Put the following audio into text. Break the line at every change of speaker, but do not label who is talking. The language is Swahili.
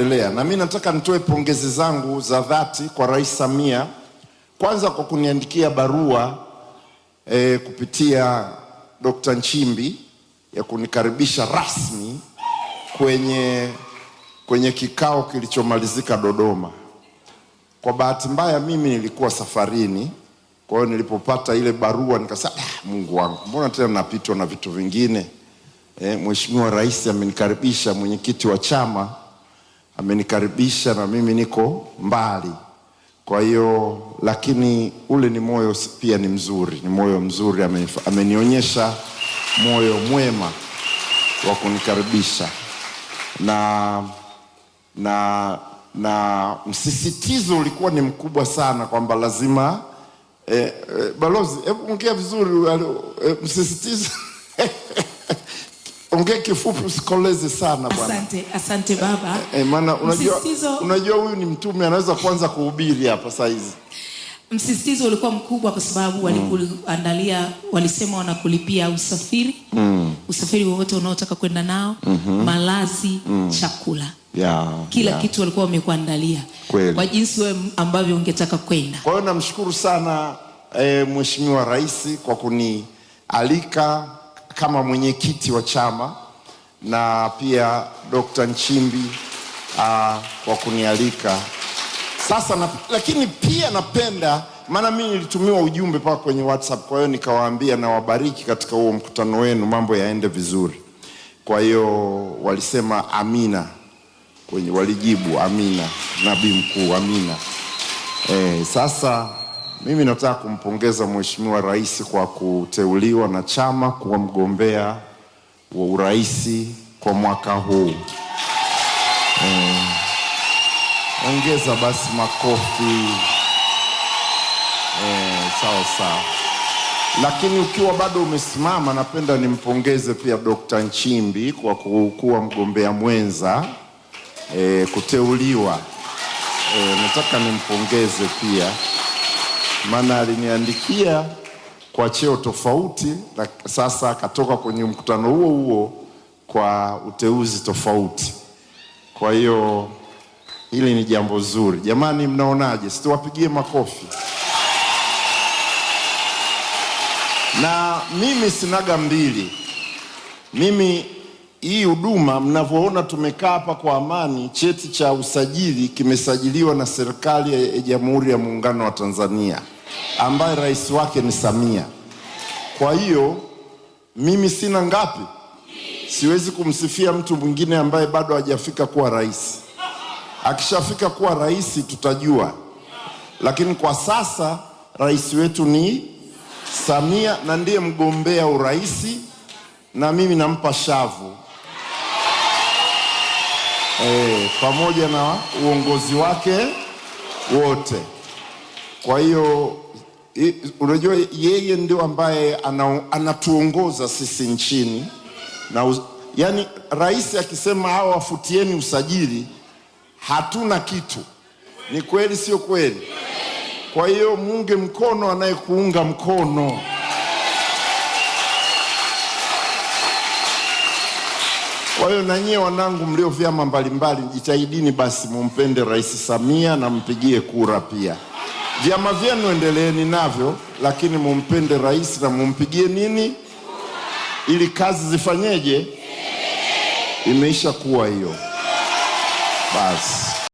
Endelea. Na mimi nataka nitoe pongezi zangu za dhati kwa Rais Samia, kwanza kwa kuniandikia barua e, kupitia Dr. Nchimbi ya kunikaribisha rasmi kwenye, kwenye kikao kilichomalizika Dodoma. Kwa bahati mbaya mimi nilikuwa safarini, kwa hiyo nilipopata ile barua nikasema, ah, Mungu wangu, mbona tena napitwa na vitu vingine? E, Mheshimiwa Rais amenikaribisha mwenyekiti wa chama amenikaribisha na mimi niko mbali. Kwa hiyo lakini ule ni moyo pia ni mzuri, ni moyo mzuri, amenionyesha moyo mwema wa kunikaribisha na, na, na msisitizo ulikuwa ni mkubwa sana kwamba lazima eh, eh, balozi, hebu eh, ongea vizuri eh, msisitizo Ongea kifupi usikoleze sana bwana. Asante,
asante baba.
E, e, maana unajua msistizo... unajua huyu ni mtume anaweza kuanza kuhubiri hapa saa hizi.
Msisitizo ulikuwa mkubwa kwa sababu mm. walikuandalia mm. Walisema wanakulipia usafiri mm. Usafiri wowote unaotaka kwenda nao mm -hmm. Malazi mm. Chakula yeah, kila yeah. Kitu walikuwa wamekuandalia kwa jinsi wewe ambavyo ungetaka kwenda.
Kwa hiyo namshukuru sana eh, Mheshimiwa Rais kwa kunialika kama mwenyekiti wa chama na pia Dr. Nchimbi uh, kwa kunialika sasa na, lakini pia napenda maana mimi nilitumiwa ujumbe paka kwenye WhatsApp, kwa hiyo nikawaambia nawabariki katika huo mkutano wenu, mambo yaende vizuri. Kwa hiyo walisema amina kwenye, walijibu amina, nabii mkuu amina. E, sasa mimi nataka kumpongeza Mheshimiwa Rais kwa kuteuliwa na chama kuwa mgombea wa urais kwa mwaka huu. Eh, ongeza basi makofi. Eh, sawa sawa. Lakini ukiwa bado umesimama, napenda nimpongeze pia Dr. Nchimbi kwa kuwa mgombea mwenza eh, kuteuliwa. Eh, nataka nimpongeze pia maana aliniandikia kwa cheo tofauti, na sasa akatoka kwenye mkutano huo huo kwa uteuzi tofauti. Kwa hiyo hili ni jambo zuri. Jamani, mnaonaje? Situwapigie makofi. Na mimi sinaga mbili, mimi hii huduma mnavyoona, tumekaa hapa kwa amani. Cheti cha usajili kimesajiliwa na serikali ya Jamhuri ya Muungano wa Tanzania ambaye rais wake ni Samia. Kwa hiyo mimi sina ngapi, siwezi kumsifia mtu mwingine ambaye bado hajafika kuwa rais. Akishafika kuwa rais tutajua, lakini kwa sasa rais wetu ni Samia na ndiye mgombea urais, na mimi nampa shavu eh, pamoja na uongozi wake wote. Kwa hiyo unajua yeye ndio ambaye anatuongoza sisi nchini na yani, rais akisema hao wafutieni usajili hatuna kitu. Ni kweli, sio kweli? Kwa hiyo muunge mkono anayekuunga mkono. Kwa hiyo na nyie wanangu, mlio vyama mbalimbali, jitahidini basi mumpende Rais Samia na mpigie kura pia. Vyama vyenu endeleeni navyo, lakini mumpende rais na mumpigie nini, ili kazi zifanyeje. Imeisha kuwa hiyo basi.